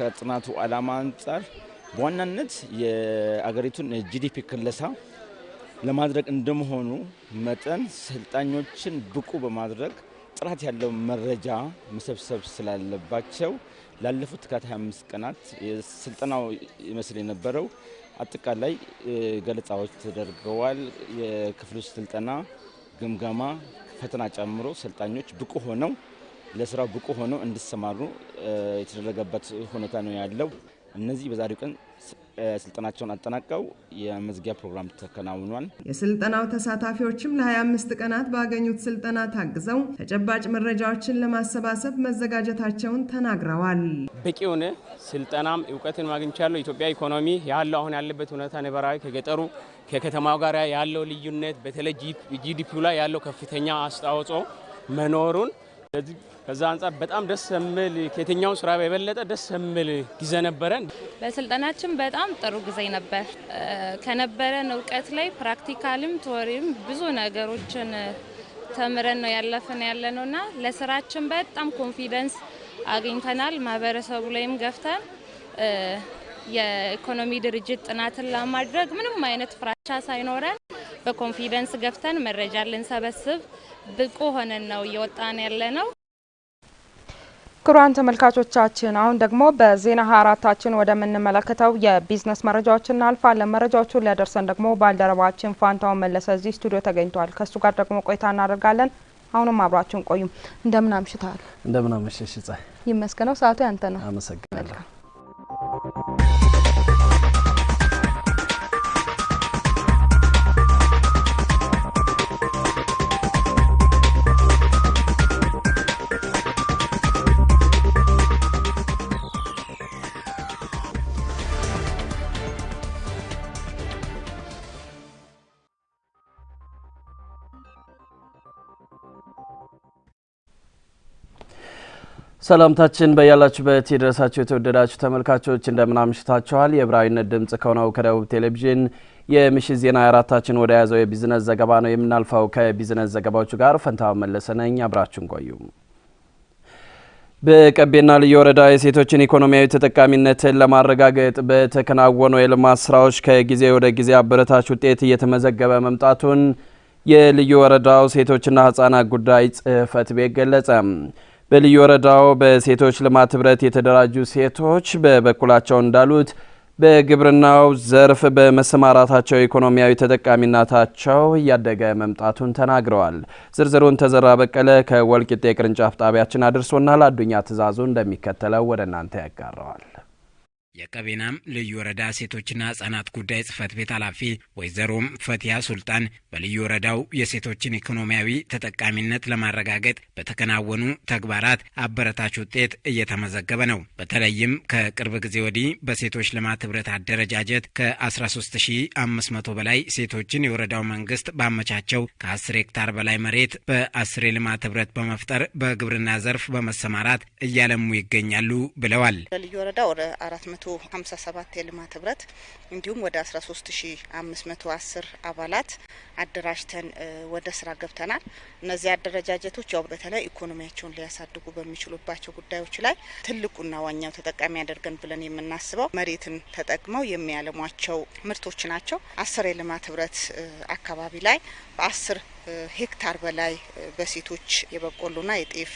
ከጥናቱ ዓላማ አንጻር በዋናነት የአገሪቱን ጂዲፒ ክለሳ ለማድረግ እንደመሆኑ መጠን ሰልጣኞችን ብቁ በማድረግ ጥራት ያለው መረጃ መሰብሰብ ስላለባቸው ላለፉት ተከታታይ አምስት ቀናት ስልጠናው ይመስል የነበረው አጠቃላይ ገለጻዎች ተደርገዋል። የክፍሉ ስልጠና ግምገማ፣ ፈተና ጨምሮ ሰልጣኞች ብቁ ሆነው ለስራው ብቁ ሆነው እንዲሰማሩ የተደረገበት ሁኔታ ነው ያለው። እነዚህ በዛሬው ቀን ስልጠናቸውን አጠናቀው የመዝጊያ ፕሮግራም ተከናውኗል። የስልጠናው ተሳታፊዎችም ለ25 ቀናት ባገኙት ስልጠና ታግዘው ተጨባጭ መረጃዎችን ለማሰባሰብ መዘጋጀታቸውን ተናግረዋል። በቂ የሆነ ስልጠናም እውቀትን ማግኝቻለሁ። ኢትዮጵያ ኢኮኖሚ ያለው አሁን ያለበት ሁኔታ ነበራዊ ከገጠሩ ከከተማው ጋር ያለው ልዩነት በተለይ ጂዲፒው ላይ ያለው ከፍተኛ አስተዋጽኦ መኖሩን ስለዚህ ከዛ አንጻር በጣም ደስ የሚል ከየትኛው ስራ የበለጠ ደስ የሚል ጊዜ ነበረን። በስልጠናችን በጣም ጥሩ ጊዜ ነበር። ከነበረን እውቀት ላይ ፕራክቲካልም ቶሪም ብዙ ነገሮችን ተምረን ነው ያለፍን ያለ ነው እና ለስራችን በጣም ኮንፊደንስ አግኝተናል። ማህበረሰቡ ላይም ገፍተን የኢኮኖሚ ድርጅት ጥናትን ለማድረግ ምንም አይነት ፍራቻ ሳይኖረን በኮንፊደንስ ገፍተን መረጃ ልንሰበስብ ብቁ ሆነን ነው እየወጣን ያለ ነው። ክቡራን ተመልካቾቻችን አሁን ደግሞ በዜና ሀያ አራታችን ወደምንመለከተው የቢዝነስ መረጃዎች እናልፋለን። መረጃዎቹን ሊያደርሰን ደግሞ ባልደረባችን ፋንታውን መለሰ እዚህ ስቱዲዮ ተገኝቷል። ከእሱ ጋር ደግሞ ቆይታ እናደርጋለን። አሁንም አብራችሁን ቆዩም። እንደምን አምሽታል? እንደምን አመሸሽ? ይመስገነው። ሰዓቱ ያንተ ነው። አመሰግናለሁ። ሰላምታችን በያላችሁበት የደረሳችሁ የተወደዳችሁ ተመልካቾች እንደምን አምሽታችኋል። ድምጽ ከሆነው ከደቡብ ቴሌቪዥን የምሽት ዜና አራታችን ወደ ያዘው የቢዝነስ ዘገባ ነው የምናልፈው። ከቢዝነስ ዘገባዎቹ ጋር ፈንታ መለሰ ነኝ። አብራችሁን ቆዩ። በቀቤና ልዩ ወረዳ የሴቶችን ኢኮኖሚያዊ ተጠቃሚነትን ለማረጋገጥ በተከናወኑ የልማት ስራዎች ከጊዜ ወደ ጊዜ አበረታች ውጤት እየተመዘገበ መምጣቱን የልዩ ወረዳው ሴቶችና ህጻናት ጉዳይ ጽህፈት ቤት ገለጸ። በልዩ ወረዳው በሴቶች ልማት ህብረት የተደራጁ ሴቶች በበኩላቸው እንዳሉት በግብርናው ዘርፍ በመሰማራታቸው ኢኮኖሚያዊ ተጠቃሚነታቸው እያደገ መምጣቱን ተናግረዋል። ዝርዝሩን ተዘራ በቀለ ከወልቂጤ ቅርንጫፍ ጣቢያችን አድርሶናል። አዱኛ ትእዛዙ እንደሚከተለው ወደ እናንተ ያጋረዋል። የቀቤናም ልዩ ወረዳ ሴቶችና ህጻናት ጉዳይ ጽህፈት ቤት ኃላፊ ወይዘሮም ፈቲያ ሱልጣን በልዩ ወረዳው የሴቶችን ኢኮኖሚያዊ ተጠቃሚነት ለማረጋገጥ በተከናወኑ ተግባራት አበረታች ውጤት እየተመዘገበ ነው። በተለይም ከቅርብ ጊዜ ወዲህ በሴቶች ልማት ህብረት አደረጃጀት ከ13500 በላይ ሴቶችን የወረዳው መንግስት ባመቻቸው ከ10 ሄክታር በላይ መሬት በ10 የልማት ህብረት በመፍጠር በግብርና ዘርፍ በመሰማራት እያለሙ ይገኛሉ ብለዋል። በልዩ ወረዳ ወደ 157 የልማት ህብረት እንዲሁም ወደ 13510 አባላት አደራጅተን ወደ ስራ ገብተናል። እነዚህ አደረጃጀቶች ያው በተለይ ኢኮኖሚያቸውን ሊያሳድጉ በሚችሉባቸው ጉዳዮች ላይ ትልቁና ዋኛው ተጠቃሚ ያደርገን ብለን የምናስበው መሬትን ተጠቅመው የሚያለሟቸው ምርቶች ናቸው። አስር የልማት ህብረት አካባቢ ላይ በአስር ሄክታር በላይ በሴቶች የበቆሎና የጤፍ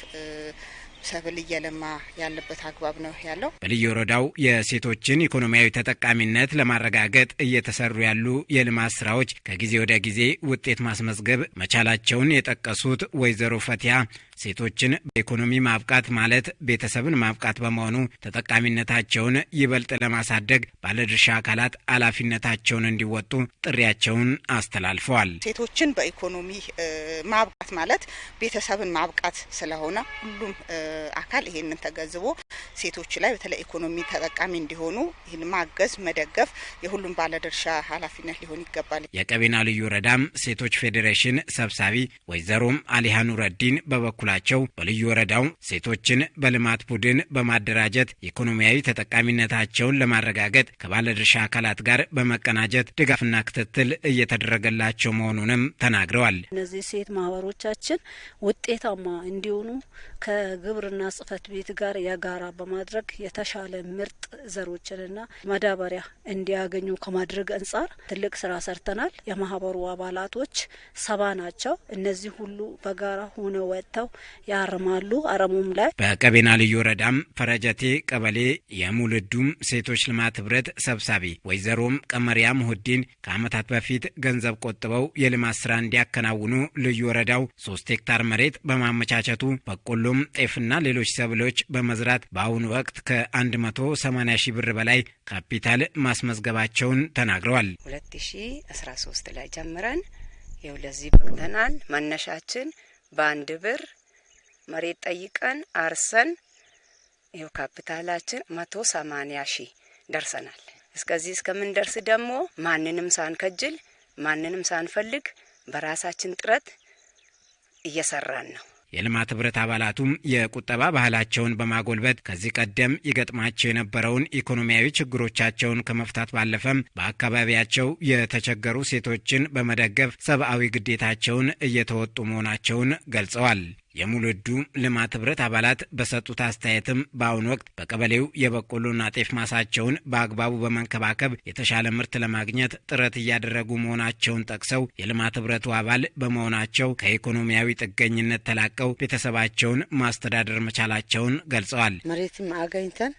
ሰብል እየለማ ያለበት አግባብ ነው ያለው። በልዩ ወረዳው የሴቶችን ኢኮኖሚያዊ ተጠቃሚነት ለማረጋገጥ እየተሰሩ ያሉ የልማት ስራዎች ከጊዜ ወደ ጊዜ ውጤት ማስመዝገብ መቻላቸውን የጠቀሱት ወይዘሮ ፈቲያ ሴቶችን በኢኮኖሚ ማብቃት ማለት ቤተሰብን ማብቃት በመሆኑ ተጠቃሚነታቸውን ይበልጥ ለማሳደግ ባለድርሻ አካላት ኃላፊነታቸውን እንዲወጡ ጥሪያቸውን አስተላልፈዋል። ሴቶችን በኢኮኖሚ ማብቃት ማለት ቤተሰብን ማብቃት ስለሆነ ሁሉም አካል ይሄንን ተገንዝቦ ሴቶች ላይ በተለይ ኢኮኖሚ ተጠቃሚ እንዲሆኑ ይህን ማገዝ መደገፍ የሁሉም ባለድርሻ ኃላፊነት ሊሆን ይገባል። የቀቤና ልዩ ወረዳም ሴቶች ፌዴሬሽን ሰብሳቢ ወይዘሮም አሊሃ ኑረዲን በበኩላ በመሆናቸው በልዩ ወረዳው ሴቶችን በልማት ቡድን በማደራጀት ኢኮኖሚያዊ ተጠቃሚነታቸውን ለማረጋገጥ ከባለድርሻ አካላት ጋር በመቀናጀት ድጋፍና ክትትል እየተደረገላቸው መሆኑንም ተናግረዋል። እነዚህ ሴት ማህበሮቻችን ውጤታማ እንዲሆኑ ከግብርና ጽህፈት ቤት ጋር የጋራ በማድረግ የተሻለ ምርጥ ዘሮችንና ማዳበሪያ እንዲያገኙ ከማድረግ አንጻር ትልቅ ስራ ሰርተናል። የማህበሩ አባላቶች ሰባ ናቸው። እነዚህ ሁሉ በጋራ ሆነው ወጥተው ያርማሉ። አረሙም ላይ በቀቤና ልዩ ወረዳም ፈረጀቴ ቀበሌ የሙልዱም ሴቶች ልማት ህብረት ሰብሳቢ ወይዘሮም ቀመሪያ ሙሁዲን ከዓመታት በፊት ገንዘብ ቆጥበው የልማት ስራ እንዲያከናውኑ ልዩ ወረዳው ሶስት ሄክታር መሬት በማመቻቸቱ በቆሎም፣ ጤፍና ሌሎች ሰብሎች በመዝራት በአሁኑ ወቅት ከ180 ሺህ ብር በላይ ካፒታል ማስመዝገባቸውን ተናግረዋል። 2013 ላይ ጀምረን ይኸው ለዚህ በቅተናል። መነሻችን በአንድ ብር መሬት ጠይቀን አርሰን ይኸው ካፒታላችን መቶ ሰማኒያ ሺህ ደርሰናል። እስከዚህ እስከምንደርስ ደግሞ ማንንም ሳንከጅል ማንንም ሳንፈልግ በራሳችን ጥረት እየሰራን ነው። የልማት ህብረት አባላቱም የቁጠባ ባህላቸውን በማጎልበት ከዚህ ቀደም ይገጥማቸው የነበረውን ኢኮኖሚያዊ ችግሮቻቸውን ከመፍታት ባለፈም በአካባቢያቸው የተቸገሩ ሴቶችን በመደገፍ ሰብአዊ ግዴታቸውን እየተወጡ መሆናቸውን ገልጸዋል። የሙሉዱ ልማት ህብረት አባላት በሰጡት አስተያየትም በአሁኑ ወቅት በቀበሌው የበቆሎና ጤፍ ማሳቸውን በአግባቡ በመንከባከብ የተሻለ ምርት ለማግኘት ጥረት እያደረጉ መሆናቸውን ጠቅሰው የልማት ህብረቱ አባል በመሆናቸው ከኢኮኖሚያዊ ጥገኝነት ተላቀው ቤተሰባቸውን ማስተዳደር መቻላቸውን ገልጸዋል። መሬትም አገኝተን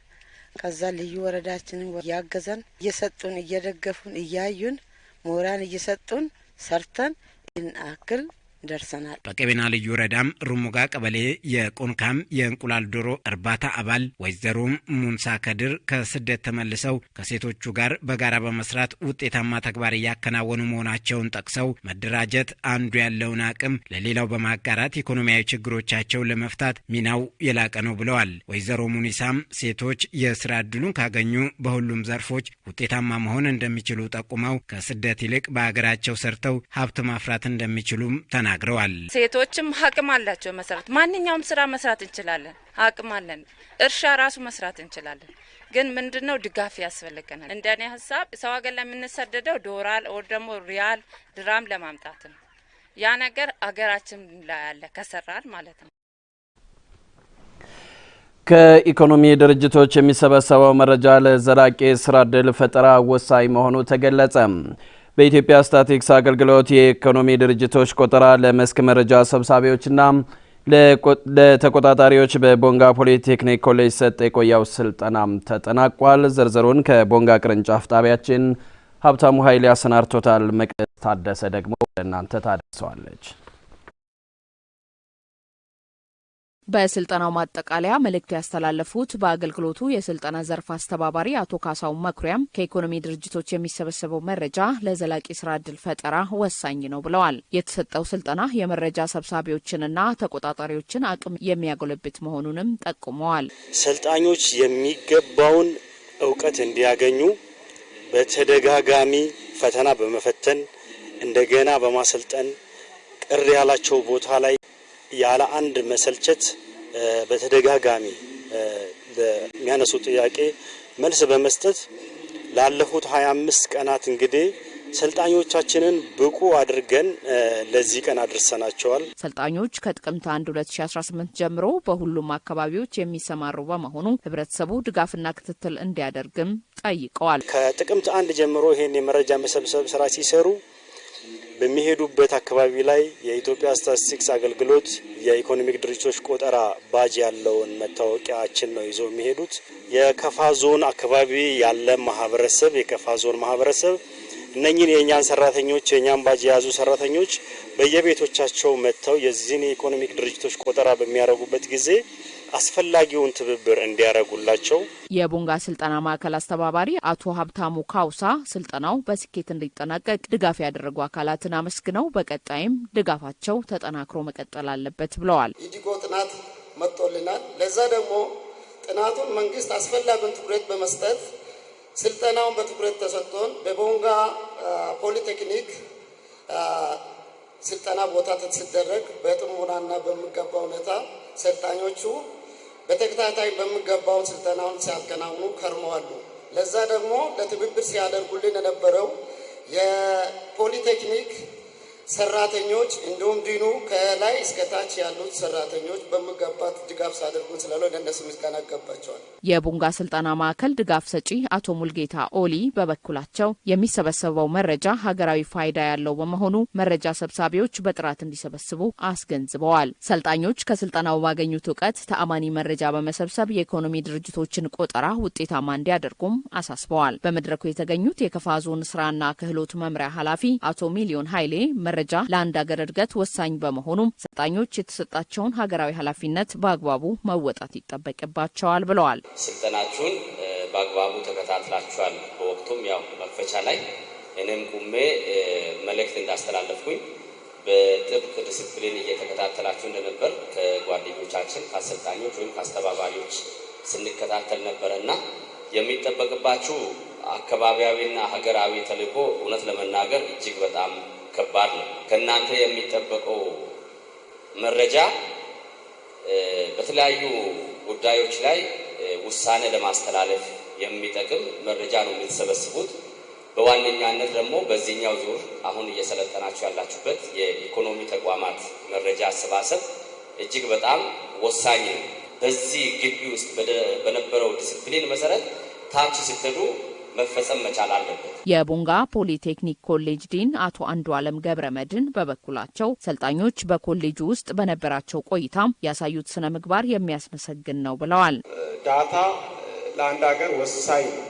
ከዛ ልዩ ወረዳችንን እያገዘን እየሰጡን እየደገፉን እያዩን ምሁራን እየሰጡን ሰርተን ይህን አክል ደርሰናል። በቀቤና ልዩ ወረዳም ሩሙጋ ቀበሌ የቆንካም የእንቁላል ዶሮ እርባታ አባል ወይዘሮ ሙንሳ ከድር ከስደት ተመልሰው ከሴቶቹ ጋር በጋራ በመስራት ውጤታማ ተግባር እያከናወኑ መሆናቸውን ጠቅሰው መደራጀት አንዱ ያለውን አቅም ለሌላው በማጋራት ኢኮኖሚያዊ ችግሮቻቸውን ለመፍታት ሚናው የላቀ ነው ብለዋል። ወይዘሮ ሙኒሳም ሴቶች የስራ እድሉን ካገኙ በሁሉም ዘርፎች ውጤታማ መሆን እንደሚችሉ ጠቁመው ከስደት ይልቅ በሀገራቸው ሰርተው ሀብት ማፍራት እንደሚችሉም ተናል ተናግረዋል። ሴቶችም አቅም አላቸው መሰራት ማንኛውም ስራ መስራት እንችላለን። አቅም አለን። እርሻ ራሱ መስራት እንችላለን። ግን ምንድን ነው ድጋፍ ያስፈልገናል። እንደኔ ሀሳብ ሰው ሀገር የምንሰደደው ዶላር ወር ደግሞ ሪያል ድራም ለማምጣት ነው። ያ ነገር አገራችን ላይ ያለ ከሰራል ማለት ነው። ከኢኮኖሚ ድርጅቶች የሚሰበሰበው መረጃ ለዘላቂ ስራ ዕድል ፈጠራ ወሳኝ መሆኑ ተገለጸ። በኢትዮጵያ ስታቲክስ አገልግሎት የኢኮኖሚ ድርጅቶች ቆጠራ ለመስክ መረጃ ሰብሳቢዎችና ለተቆጣጣሪዎች በቦንጋ ፖሊቴክኒክ ኮሌጅ ሰጥ የቆየው ስልጠናም ተጠናቋል። ዝርዝሩን ከቦንጋ ቅርንጫፍ ጣቢያችን ሀብታሙ ኃይል አሰናድቶታል። መቅደስ ታደሰ ደግሞ ለእናንተ ታደርሰዋለች። በስልጠናው ማጠቃለያ መልእክት ያስተላለፉት በአገልግሎቱ የስልጠና ዘርፍ አስተባባሪ አቶ ካሳው መኩሪያም ከኢኮኖሚ ድርጅቶች የሚሰበሰበው መረጃ ለዘላቂ ስራ እድል ፈጠራ ወሳኝ ነው ብለዋል። የተሰጠው ስልጠና የመረጃ ሰብሳቢዎችንና ተቆጣጣሪዎችን አቅም የሚያጎለብት መሆኑንም ጠቁመዋል። ሰልጣኞች የሚገባውን እውቀት እንዲያገኙ በተደጋጋሚ ፈተና በመፈተን እንደገና በማሰልጠን ቅር ያላቸው ቦታ ላይ ያለ አንድ መሰልቸት በተደጋጋሚ የሚያነሱ ጥያቄ መልስ በመስጠት ላለፉት 25 ቀናት እንግዲህ ሰልጣኞቻችንን ብቁ አድርገን ለዚህ ቀን አድርሰናቸዋል። ሰልጣኞች ከጥቅምት 1 2018 ጀምሮ በሁሉም አካባቢዎች የሚሰማሩ በመሆኑ ህብረተሰቡ ድጋፍና ክትትል እንዲያደርግም ጠይቀዋል። ከጥቅምት አንድ ጀምሮ ይህን የመረጃ መሰብሰብ ስራ ሲሰሩ በሚሄዱበት አካባቢ ላይ የኢትዮጵያ ስታቲስቲክስ አገልግሎት የኢኮኖሚክ ድርጅቶች ቆጠራ ባጅ ያለውን መታወቂያችን ነው ይዘው የሚሄዱት። የከፋ ዞን አካባቢ ያለ ማህበረሰብ የከፋ ዞን ማህበረሰብ እነኝን የእኛን ሰራተኞች የእኛን ባጅ የያዙ ሰራተኞች በየቤቶቻቸው መጥተው የዚህን የኢኮኖሚክ ድርጅቶች ቆጠራ በሚያደርጉበት ጊዜ አስፈላጊውን ትብብር እንዲያደርጉላቸው የቦንጋ ስልጠና ማዕከል አስተባባሪ አቶ ሀብታሙ ካውሳ ስልጠናው በስኬት እንዲጠናቀቅ ድጋፍ ያደረጉ አካላትን አመስግነው በቀጣይም ድጋፋቸው ተጠናክሮ መቀጠል አለበት ብለዋል። ኢንዲጎ ጥናት መጥቶልናል። ለዛ ደግሞ ጥናቱን መንግስት አስፈላጊውን ትኩረት በመስጠት ስልጠናውን በትኩረት ተሰጥቶን በቦንጋ ፖሊቴክኒክ ስልጠና ቦታ ሲደረግ በጥሞናና በሚገባ ሁኔታ ሰልጣኞቹ በተከታታይ በሚገባው ስልጠናውን ሲያከናውኑ ከርመዋሉ። ለዛ ደግሞ ለትብብር ሲያደርጉልን የነበረው የፖሊቴክኒክ ሰራተኞች እንዲሁም ዲኑ ከላይ እስከታች ያሉት ሰራተኞች በምገባት ድጋፍ ሳደርጉ ስላለ ለእነሱ ምስጋና ይገባቸዋል። የቡንጋ ስልጠና ማዕከል ድጋፍ ሰጪ አቶ ሙልጌታ ኦሊ በበኩላቸው የሚሰበሰበው መረጃ ሀገራዊ ፋይዳ ያለው በመሆኑ መረጃ ሰብሳቢዎች በጥራት እንዲሰበስቡ አስገንዝበዋል። ሰልጣኞች ከስልጠናው ባገኙት እውቀት ተአማኒ መረጃ በመሰብሰብ የኢኮኖሚ ድርጅቶችን ቆጠራ ውጤታማ እንዲያደርጉም አሳስበዋል። በመድረኩ የተገኙት የከፋ ዞን ስራና ክህሎት መምሪያ ኃላፊ አቶ ሚሊዮን ኃይሌ ደረጃ ለአንድ ሀገር እድገት ወሳኝ በመሆኑም ሰልጣኞች የተሰጣቸውን ሀገራዊ ኃላፊነት በአግባቡ መወጣት ይጠበቅባቸዋል ብለዋል። ስልጠናችሁን በአግባቡ ተከታትላችኋል። በወቅቱም ያው መክፈቻ ላይ እኔም ቁሜ መልእክት እንዳስተላለፍኩኝ በጥብቅ ዲስፕሊን እየተከታተላችሁ እንደነበር ከጓደኞቻችን ከአሰልጣኞች ወይም ከአስተባባሪዎች ስንከታተል ነበረ እና የሚጠበቅባችሁ አካባቢያዊና ሀገራዊ ተልዕኮ እውነት ለመናገር እጅግ በጣም ከባድ ነው። ከእናንተ የሚጠበቀው መረጃ በተለያዩ ጉዳዮች ላይ ውሳኔ ለማስተላለፍ የሚጠቅም መረጃ ነው የምትሰበስቡት። በዋነኛነት ደግሞ በዚህኛው ዙር አሁን እየሰለጠናችሁ ያላችሁበት የኢኮኖሚ ተቋማት መረጃ አሰባሰብ እጅግ በጣም ወሳኝ ነው። በዚህ ግቢ ውስጥ በነበረው ዲስፕሊን መሰረት ታች ስትሄዱ መፈጸም መቻል አለበት። የቦንጋ ፖሊቴክኒክ ኮሌጅ ዲን አቶ አንዱ አለም ገብረ መድን በበኩላቸው ሰልጣኞች በኮሌጁ ውስጥ በነበራቸው ቆይታም ያሳዩት ስነ ምግባር የሚያስመሰግን ነው ብለዋል። ዳታ ለአንድ ሀገር ወሳኝ ነው።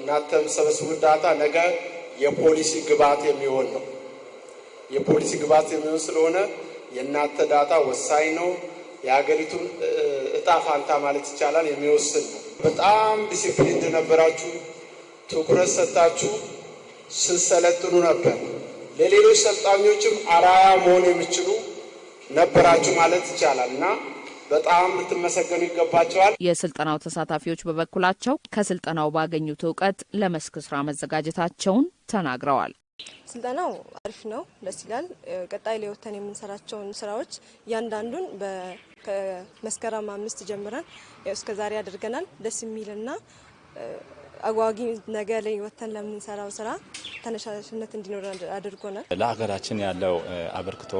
እናንተ የምትሰበስቡት ዳታ ነገ የፖሊሲ ግብዓት የሚሆን ነው። የፖሊሲ ግብዓት የሚሆን ስለሆነ የእናንተ ዳታ ወሳኝ ነው። የሀገሪቱን እጣ ፋንታ ማለት ይቻላል የሚወስን ነው። በጣም ዲሲፕሊን እንደነበራችሁ ትኩረት ሰጥታችሁ ስትሰለጥኑ ነበር። ለሌሎች ሰልጣኞችም አራያ መሆን የሚችሉ ነበራችሁ ማለት ይቻላል እና በጣም ልትመሰገኑ ይገባቸዋል። የስልጠናው ተሳታፊዎች በበኩላቸው ከስልጠናው ባገኙት እውቀት ለመስክ ስራ መዘጋጀታቸውን ተናግረዋል። ስልጠናው አሪፍ ነው፣ ደስ ይላል። ቀጣይ ለወተን የምንሰራቸውን ስራዎች እያንዳንዱን ከመስከረም አምስት ጀምረን እስከ ዛሬ አድርገናል። ደስ የሚልና አጓጊ ነገ ላይ ወተን ለምንሰራው ስራ ተነሳሽነት እንዲኖር አድርጎናል። ለሀገራችን ያለው አበርክቶ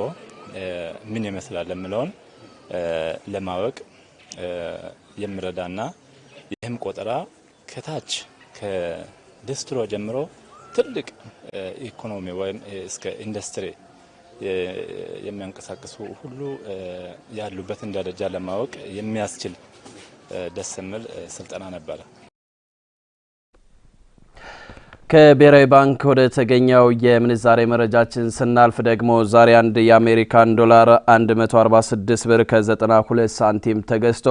ምን ይመስላል የምለውን ለማወቅ የምረዳና ይህም ቆጠራ ከታች ከድስትሮ ጀምሮ ትልቅ ኢኮኖሚ ወይም እስከ ኢንዱስትሪ የሚያንቀሳቅሱ ሁሉ ያሉበትን ደረጃ ለማወቅ የሚያስችል ደስ የሚል ስልጠና ነበረ። ከብሔራዊ ባንክ ወደ ተገኘው የምንዛሬ መረጃችን ስናልፍ ደግሞ ዛሬ አንድ የአሜሪካን ዶላር 146 ብር ከ92 ሳንቲም ተገዝቶ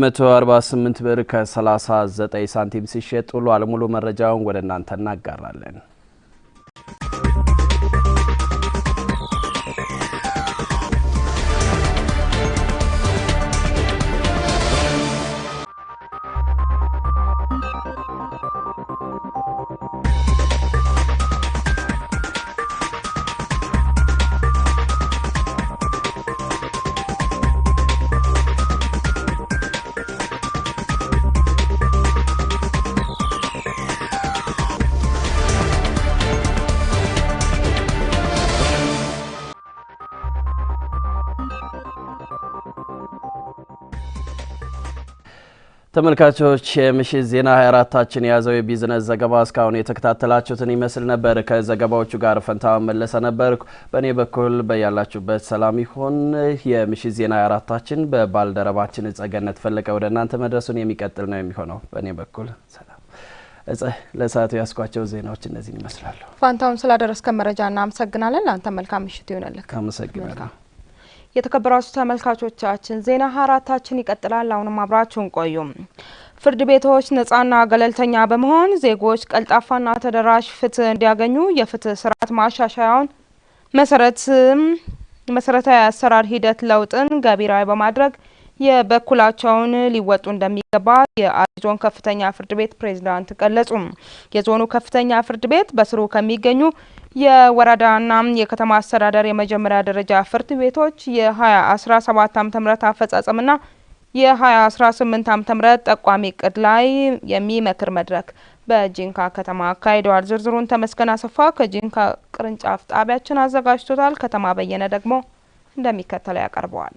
148 ብር ከ39 ሳንቲም ሲሸጥ ውሏል። ሙሉ መረጃውን ወደ እናንተ እናጋራለን። ተመልካቾች የምሽት ዜና 24ታችን የያዘው የቢዝነስ ዘገባ እስካሁን የተከታተላችሁትን ይመስል ነበር። ከዘገባዎቹ ጋር ፈንታ መለሰ ነበር። በእኔ በኩል በያላችሁበት ሰላም ይሆን። የምሽት ዜና 24ታችን በባልደረባችን እጸገነት ፈለቀ ወደ እናንተ መድረሱን የሚቀጥል ነው የሚሆነው። በእኔ በኩል ሰላም። እጸ ለሰዓቱ ያስኳቸው ዜናዎች እነዚህን ይመስላሉ። ፋንታውን ስላደረስከ መረጃ እናመሰግናለን። ለአንተ መልካም ምሽት ይሆንልክ። አመሰግናለሁ። የተከበራችሁ ተመልካቾቻችን ዜና ሃያ አራታችን ይቀጥላል። አሁንም አብራችሁን ቆዩ። ፍርድ ቤቶች ነጻና ገለልተኛ በመሆን ዜጎች ቀልጣፋና ተደራሽ ፍትህ እንዲያገኙ የፍትህ ስርዓት ማሻሻያውን መሰረት መሰረታዊ አሰራር ሂደት ለውጥን ገቢራዊ በማድረግ የበኩላቸውን ሊወጡ እንደሚገባ የአሪ ከፍተኛ ፍርድ ቤት ፕሬዝዳንት ገለጹ። የዞኑ ከፍተኛ ፍርድ ቤት በስሩ ከሚገኙ የወረዳና የከተማ አስተዳደር የመጀመሪያ ደረጃ ፍርድ ቤቶች የ2017 ዓም ም አፈጻጸምና የ2018 ዓ ም ጠቋሚ እቅድ ላይ የሚመክር መድረክ በጂንካ ከተማ አካሂደዋል። ዝርዝሩን ተመስገን አሰፋ ከጂንካ ቅርንጫፍ ጣቢያችን አዘጋጅቶታል። ከተማ በየነ ደግሞ እንደሚከተለው ያቀርበዋል።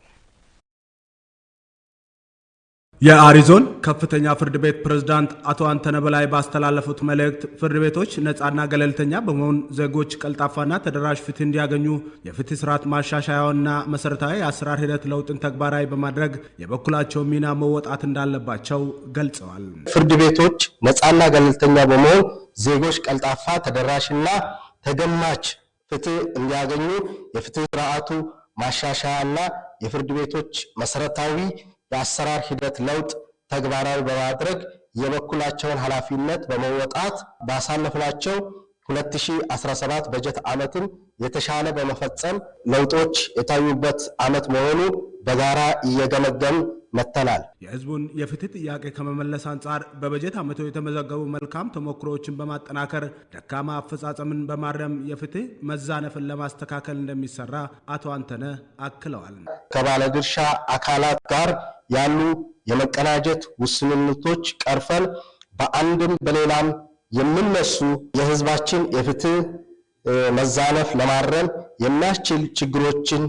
የአሪዞን ከፍተኛ ፍርድ ቤት ፕሬዝዳንት አቶ አንተነ በላይ ባስተላለፉት መልእክት ፍርድ ቤቶች ነፃና ገለልተኛ በመሆን ዜጎች ቀልጣፋና ተደራሽ ፍትህ እንዲያገኙ የፍትህ ስርዓት ማሻሻያውና መሰረታዊ የአሰራር ሂደት ለውጥን ተግባራዊ በማድረግ የበኩላቸው ሚና መወጣት እንዳለባቸው ገልጸዋል። ፍርድ ቤቶች ነፃና ገለልተኛ በመሆን ዜጎች ቀልጣፋ ተደራሽና ተገማች ፍትህ እንዲያገኙ የፍትህ ስርዓቱ ማሻሻያና የፍርድ ቤቶች መሰረታዊ የአሰራር ሂደት ለውጥ ተግባራዊ በማድረግ የበኩላቸውን ኃላፊነት በመወጣት ባሳለፍናቸው 2017 በጀት ዓመትም የተሻለ በመፈጸም ለውጦች የታዩበት ዓመት መሆኑ በጋራ እየገመገም መተናል። የህዝቡን የፍትህ ጥያቄ ከመመለስ አንጻር በበጀት ዓመቱ የተመዘገቡ መልካም ተሞክሮዎችን በማጠናከር ደካማ አፈጻጸምን በማረም የፍትህ መዛነፍን ለማስተካከል እንደሚሰራ አቶ አንተነ አክለዋል። ከባለድርሻ አካላት ጋር ያሉ የመቀናጀት ውስንነቶች ቀርፈን በአንድም በሌላም የሚነሱ የህዝባችን የፍትህ መዛነፍ ለማረም የሚያስችል ችግሮችን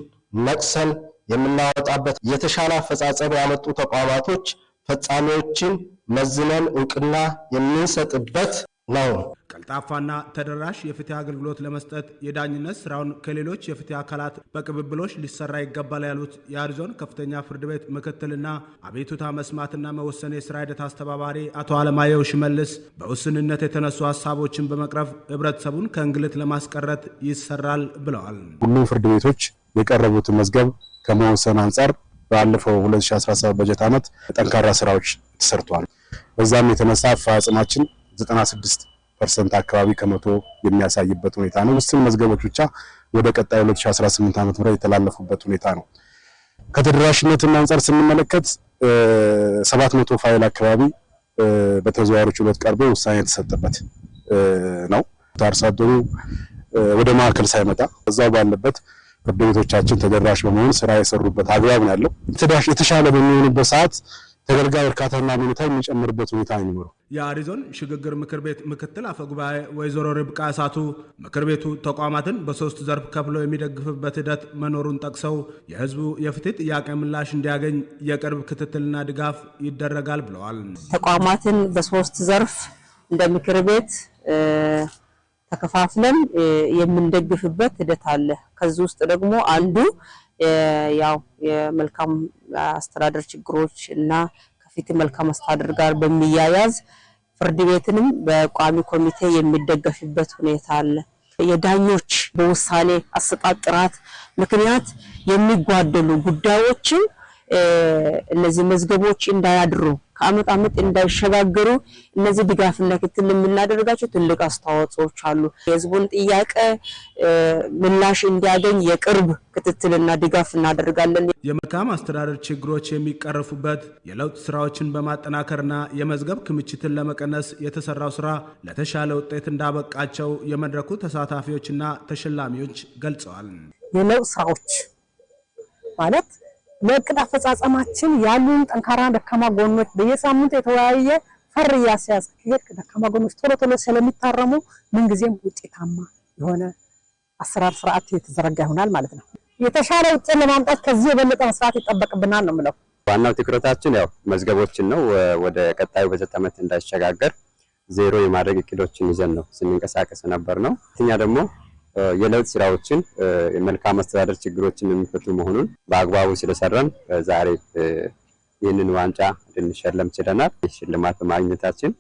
ነቅሰን የምናወጣበት የተሻለ አፈጻጸም ያመጡ ተቋማቶች ፈጻሚዎችን መዝነን እውቅና የምንሰጥበት ነው። ቀልጣፋና ተደራሽ የፍትህ አገልግሎት ለመስጠት የዳኝነት ስራውን ከሌሎች የፍትህ አካላት በቅብብሎች ሊሰራ ይገባል ያሉት የአሪዞን ከፍተኛ ፍርድ ቤት ምክትልና አቤቱታ መስማትና መወሰን የስራ ሂደት አስተባባሪ አቶ አለማየሁ ሽመልስ በውስንነት የተነሱ ሀሳቦችን በመቅረፍ ህብረተሰቡን ከእንግልት ለማስቀረት ይሰራል ብለዋል። ሁሉም ፍርድ ቤቶች የቀረቡትን መዝገብ ከመወሰን አንጻር ባለፈው 2017 በጀት ዓመት ጠንካራ ስራዎች ተሰርቷል። በዛም የተነሳ አፈጻጸማችን 96 ፐርሰንት አካባቢ ከመቶ የሚያሳይበት ሁኔታ ነው። ውስን መዝገቦች ብቻ ወደ ቀጣይ 2018 ዓመት ዓ.ም የተላለፉበት ሁኔታ ነው። ከተደራሽነትም አንጻር ስንመለከት 700 ፋይል አካባቢ በተዘዋዋሪ ሁለት ቀርቦ ውሳኔ የተሰጠበት ነው። አርሶ አደሩ ወደ ማዕከል ሳይመጣ እዛው ባለበት ፍርድ ቤቶቻችን ተደራሽ በመሆን ስራ የሰሩበት አግባብ ነው ያለው። የተሻለ በሚሆንበት ሰዓት ተገልጋይ እርካታና ሁኔታ የሚጨምርበት ሁኔታ አይኖሩ። የአሪ ዞን ሽግግር ምክር ቤት ምክትል አፈ ጉባኤ ወይዘሮ ርብቃ እሳቱ ምክር ቤቱ ተቋማትን በሶስት ዘርፍ ከፍሎ የሚደግፍበት ሂደት መኖሩን ጠቅሰው የህዝቡ የፍትህ ጥያቄ ምላሽ እንዲያገኝ የቅርብ ክትትልና ድጋፍ ይደረጋል ብለዋል። ተቋማትን በሶስት ዘርፍ እንደ ምክር ቤት ተከፋፍለን የምንደግፍበት ሂደት አለ። ከዚህ ውስጥ ደግሞ አንዱ ያው የመልካም አስተዳደር ችግሮች እና ከፊት መልካም አስተዳደር ጋር በሚያያዝ ፍርድ ቤትንም በቋሚ ኮሚቴ የሚደገፍበት ሁኔታ አለ። የዳኞች በውሳኔ አሰጣጥ ጥራት ምክንያት የሚጓደሉ ጉዳዮችን እነዚህ መዝገቦች እንዳያድሩ ከአመት አመት እንዳይሸጋገሩ እነዚህ ድጋፍና ክትል የምናደርጋቸው ትልቅ አስተዋጽኦች አሉ። የህዝቡን ጥያቄ ምላሽ እንዲያገኝ የቅርብ ክትትልና ድጋፍ እናደርጋለን። የመልካም አስተዳደር ችግሮች የሚቀረፉበት የለውጥ ስራዎችን በማጠናከርና የመዝገብ ክምችትን ለመቀነስ የተሰራው ስራ ለተሻለ ውጤት እንዳበቃቸው የመድረኩ ተሳታፊዎችና ተሸላሚዎች ገልጸዋል። የለውጥ ስራዎች ማለት ለእቅድ አፈጻጸማችን ያሉን ጠንካራ ደካማ ጎኖች በየሳምንት የተወያየ ፈር እያስያዝ ደካማ ጎኖች ቶሎ ቶሎ ስለሚታረሙ ምንጊዜም ውጤታማ የሆነ አሰራር ስርዓት የተዘረጋ ይሆናል ማለት ነው። የተሻለ ውጤት ለማምጣት ከዚህ የበለጠ መስራት ይጠበቅብናል ነው የምለው። ዋናው ትኩረታችን ያው መዝገቦችን ነው። ወደ ቀጣዩ በጀት ዓመት እንዳይሸጋገር ዜሮ የማድረግ እቅዶችን ይዘን ነው ስንንቀሳቀስ ነበር ነው እኛ ደግሞ የለውጥ ስራዎችን የመልካም አስተዳደር ችግሮችን የሚፈቱ መሆኑን በአግባቡ ስለሰራን ዛሬ ይህንን ዋንጫ ልንሸለም ችለናል። ሽልማት በማግኘታችን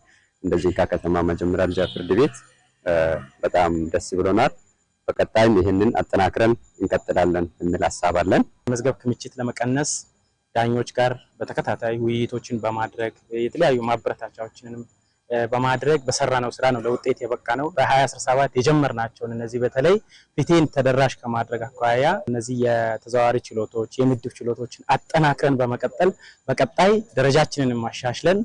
እንደዚህ ከከተማ መጀመሪያ ደረጃ ፍርድ ቤት በጣም ደስ ብሎናል። በቀጣይም ይህንን አጠናክረን እንቀጥላለን የሚል ሀሳብ አለን። መዝገብ ክምችት ለመቀነስ ዳኞች ጋር በተከታታይ ውይይቶችን በማድረግ የተለያዩ ማበረታቻዎችንም በማድረግ በሰራነው ስራ ነው ለውጤት የበቃ ነው። በ2017 የጀመርናቸውን እነዚህ በተለይ ፊቴን ተደራሽ ከማድረግ አኳያ እነዚህ የተዘዋዋሪ ችሎቶች፣ የምድብ ችሎቶችን አጠናክረን በመቀጠል በቀጣይ ደረጃችንን ማሻሽለን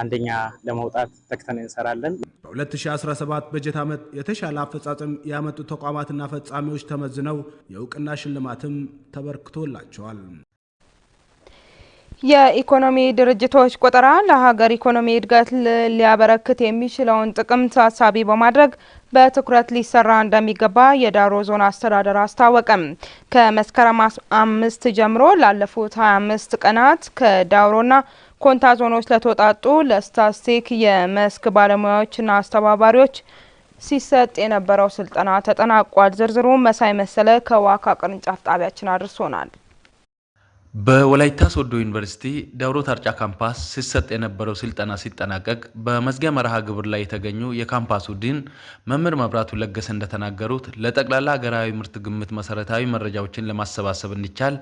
አንደኛ ለመውጣት ተክተን እንሰራለን። በ2017 በጀት ዓመት የተሻለ አፈጻጸም ያመጡ ተቋማትና ፈጻሚዎች ተመዝነው የእውቅና ሽልማትም ተበርክቶላቸዋል። የኢኮኖሚ ድርጅቶች ቆጠራ ለሀገር ኢኮኖሚ እድገት ሊያበረክት የሚችለውን ጥቅም ታሳቢ በማድረግ በትኩረት ሊሰራ እንደሚገባ የዳሮ ዞን አስተዳደር አስታወቀም። ከመስከረም አምስት ጀምሮ ላለፉት ሀያ አምስት ቀናት ከዳውሮና ኮንታ ዞኖች ለተወጣጡ ለስታስቲክ የመስክ ባለሙያዎችና አስተባባሪዎች ሲሰጥ የነበረው ስልጠና ተጠናቋል። ዝርዝሩ መሳይ መሰለ ከዋካ ቅርንጫፍ ጣቢያችን አድርሶናል። በወላይታ ሶዶ ዩኒቨርሲቲ ደብሮ ታርጫ ካምፓስ ሲሰጥ የነበረው ስልጠና ሲጠናቀቅ በመዝጊያ መርሃ ግብር ላይ የተገኙ የካምፓሱ ዲን መምህር መብራቱ ለገሰ እንደተናገሩት ለጠቅላላ ሀገራዊ ምርት ግምት መሰረታዊ መረጃዎችን ለማሰባሰብ እንዲቻል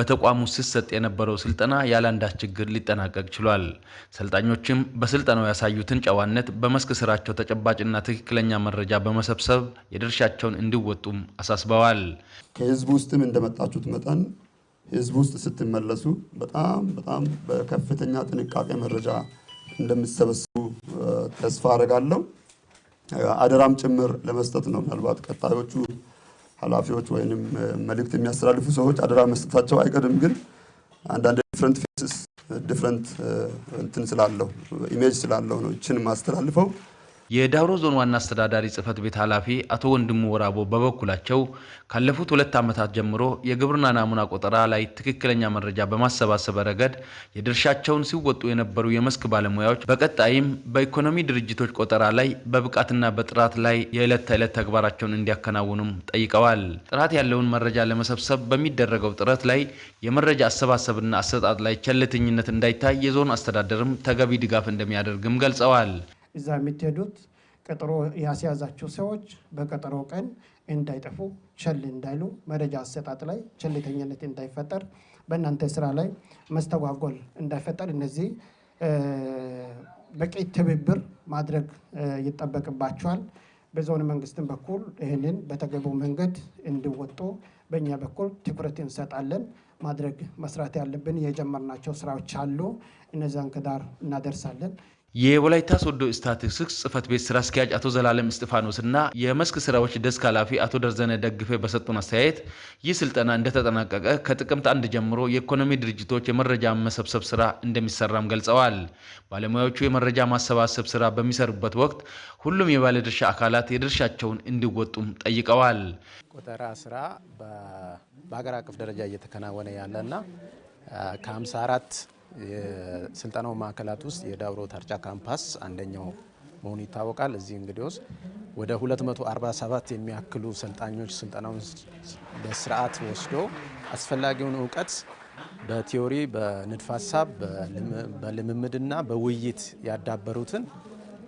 በተቋሙ ሲሰጥ የነበረው ስልጠና ያለአንዳች ችግር ሊጠናቀቅ ችሏል። ሰልጣኞችም በስልጠናው ያሳዩትን ጨዋነት በመስክ ስራቸው ተጨባጭና ትክክለኛ መረጃ በመሰብሰብ የድርሻቸውን እንዲወጡም አሳስበዋል። ከህዝብ ውስጥም እንደመጣችሁት መጠን ህዝብ ውስጥ ስትመለሱ በጣም በጣም በከፍተኛ ጥንቃቄ መረጃ እንደምትሰበስቡ ተስፋ አደርጋለሁ። አደራም ጭምር ለመስጠት ነው። ምናልባት ቀጣዮቹ ኃላፊዎች ወይም መልእክት የሚያስተላልፉ ሰዎች አደራ መስጠታቸው አይቀርም። ግን አንዳንድ ዲፍረንት ፌስስ ዲፍረንት እንትን ስላለው ኢሜጅ ስላለው ነው ይችን ማስተላልፈው። የዳውሮ ዞን ዋና አስተዳዳሪ ጽህፈት ቤት ኃላፊ አቶ ወንድሙ ወራቦ በበኩላቸው ካለፉት ሁለት ዓመታት ጀምሮ የግብርና ናሙና ቆጠራ ላይ ትክክለኛ መረጃ በማሰባሰብ ረገድ የድርሻቸውን ሲወጡ የነበሩ የመስክ ባለሙያዎች በቀጣይም በኢኮኖሚ ድርጅቶች ቆጠራ ላይ በብቃትና በጥራት ላይ የዕለት ተዕለት ተግባራቸውን እንዲያከናውኑም ጠይቀዋል። ጥራት ያለውን መረጃ ለመሰብሰብ በሚደረገው ጥረት ላይ የመረጃ አሰባሰብና አሰጣጥ ላይ ቸልተኝነት እንዳይታይ የዞኑ አስተዳደርም ተገቢ ድጋፍ እንደሚያደርግም ገልጸዋል። እዛ የምትሄዱት ቀጠሮ ያስያዛችሁ ሰዎች በቀጠሮ ቀን እንዳይጠፉ ቸል እንዳይሉ፣ መረጃ አሰጣጥ ላይ ቸልተኝነት እንዳይፈጠር፣ በእናንተ ስራ ላይ መስተጓጎል እንዳይፈጠር እነዚህ በቂ ትብብር ማድረግ ይጠበቅባቸዋል። በዞን መንግስትን በኩል ይህንን በተገቡ መንገድ እንዲወጡ በእኛ በኩል ትኩረት እንሰጣለን። ማድረግ መስራት ያለብን የጀመርናቸው ስራዎች አሉ። እነዛን ከዳር እናደርሳለን። የወላይታ ሶዶ ስታቲስቲክስ ጽህፈት ቤት ስራ አስኪያጅ አቶ ዘላለም እስጢፋኖስ እና የመስክ ስራዎች ደስክ ኃላፊ አቶ ደርዘነ ደግፌ በሰጡን አስተያየት ይህ ስልጠና እንደተጠናቀቀ ከጥቅምት አንድ ጀምሮ የኢኮኖሚ ድርጅቶች የመረጃ መሰብሰብ ስራ እንደሚሰራም ገልጸዋል። ባለሙያዎቹ የመረጃ ማሰባሰብ ስራ በሚሰሩበት ወቅት ሁሉም የባለድርሻ አካላት የድርሻቸውን እንዲወጡም ጠይቀዋል። ቆጠራ ስራ በሀገር አቀፍ ደረጃ እየተከናወነ ያለና ከ54 የስልጠናው ማዕከላት ውስጥ የዳውሮ ታርጫ ካምፓስ አንደኛው መሆኑ ይታወቃል። እዚህ እንግዲህ ወደ 247 የሚያክሉ ሰልጣኞች ስልጠናውን በስርዓት ወስዶ አስፈላጊውን እውቀት በቲዮሪ በንድፈ ሀሳብ በልምምድና በውይይት ያዳበሩትን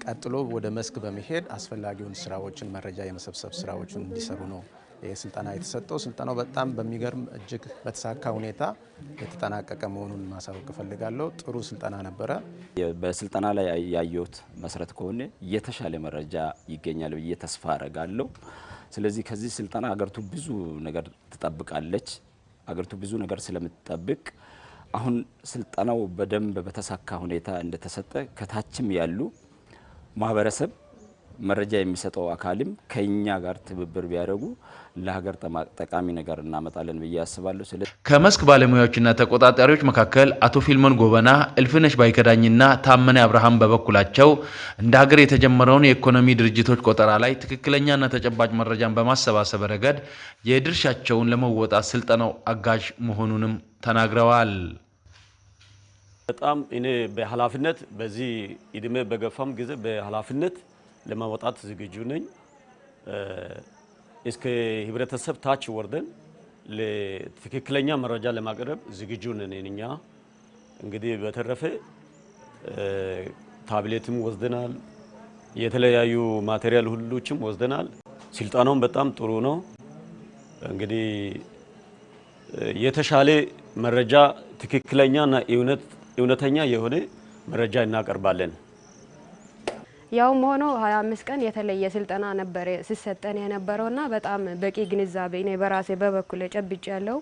ቀጥሎ ወደ መስክ በመሄድ አስፈላጊውን ስራዎችን መረጃ የመሰብሰብ ስራዎችን እንዲሰሩ ነው ይህ ስልጠና የተሰጠው ስልጠናው በጣም በሚገርም እጅግ በተሳካ ሁኔታ የተጠናቀቀ መሆኑን ማሳወቅ እፈልጋለሁ። ጥሩ ስልጠና ነበረ። በስልጠና ላይ ያየሁት መሰረት ከሆነ የተሻለ መረጃ ይገኛል ብዬ ተስፋ አረጋለሁ። ስለዚህ ከዚህ ስልጠና ሀገሪቱ ብዙ ነገር ትጠብቃለች። አገርቱ ብዙ ነገር ስለምትጠብቅ አሁን ስልጠናው በደንብ በተሳካ ሁኔታ እንደተሰጠ ከታችም ያሉ ማህበረሰብ መረጃ የሚሰጠው አካልም ከኛ ጋር ትብብር ቢያደርጉ ለሀገር ጠቃሚ ነገር እናመጣለን ብዬ አስባለሁ። ስለ ከመስክ ባለሙያዎችና ተቆጣጣሪዎች መካከል አቶ ፊልሞን ጎበና፣ እልፍነሽ ባይከዳኝና ታመነ አብርሃም በበኩላቸው እንደ ሀገር የተጀመረውን የኢኮኖሚ ድርጅቶች ቆጠራ ላይ ትክክለኛና ተጨባጭ መረጃን በማሰባሰብ ረገድ የድርሻቸውን ለመወጣት ስልጠናው አጋዥ መሆኑንም ተናግረዋል። በጣም እኔ በኃላፊነት በዚህ እድሜ በገፋም ጊዜ በኃላፊነት ለማውጣት ዝግጁ ነኝ። እስከ ህብረተሰብ ታች ወርደን ትክክለኛ መረጃ ለማቅረብ ዝግጁ ነን። እኛ እንግዲህ በተረፈ ታብሌትም ወስደናል፣ የተለያዩ ማቴሪያል ሁሉችም ወስደናል። ስልጠናውም በጣም ጥሩ ነው። እንግዲህ የተሻለ መረጃ ትክክለኛና እውነተኛ የሆነ መረጃ እናቀርባለን። ያውም ሆኖ ሀያ አምስት ቀን የተለየ ስልጠና ነበር ሲሰጠን የነበረውና በጣም በቂ ግንዛቤ እኔ በራሴ በበኩል ጨብጭ ያለው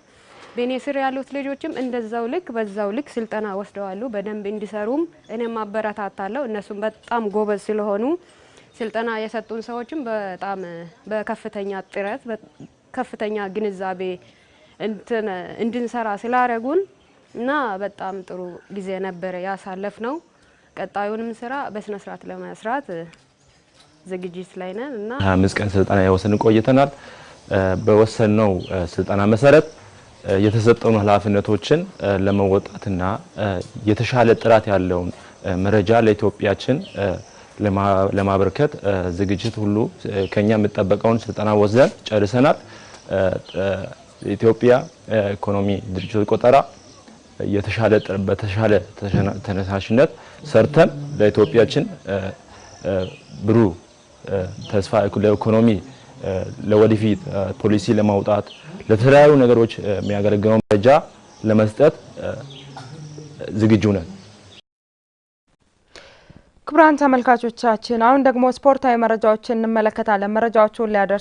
በእኔ ስር ያሉት ልጆችም እንደዛው ልክ በዛው ልክ ስልጠና ወስደዋሉ። በደንብ እንዲሰሩም እኔም አበረታታለሁ። እነሱም በጣም ጎበዝ ስለሆኑ ስልጠና የሰጡን ሰዎችም በጣም በከፍተኛ ጥረት ከፍተኛ ግንዛቤ እንድንሰራ ስላረጉን እና በጣም ጥሩ ጊዜ ነበረ ያሳለፍ ነው። ቀጣዩንም ስራ በስነ ስርዓት ለመስራት ዝግጅት ላይ ነን እና ሀያ አምስት ቀን ስልጠና ቆይተናል። በወሰነው ስልጠና መሰረት የተሰጠኑ ኃላፊነቶችን ለመወጣትና የተሻለ ጥራት ያለውን መረጃ ለኢትዮጵያችን ለማበርከት ዝግጅት ሁሉ ከኛ የምጠበቀውን ስልጠና ወስደን ጨርሰናል። ኢትዮጵያ ኢኮኖሚ ድርጅቶች ቆጠራ የተሻለ በተሻለ ተነሳሽነት ሰርተን ለኢትዮጵያችን ብሩ ተስፋ ለኢኮኖሚ ለወደፊት ፖሊሲ ለማውጣት ለተለያዩ ነገሮች የሚያገለግለውን መረጃ ለመስጠት ዝግጁ ነን። ክቡራን ተመልካቾቻችን አሁን ደግሞ ስፖርታዊ መረጃዎችን እንመለከታለን። መረጃዎቹን ሊያደርስ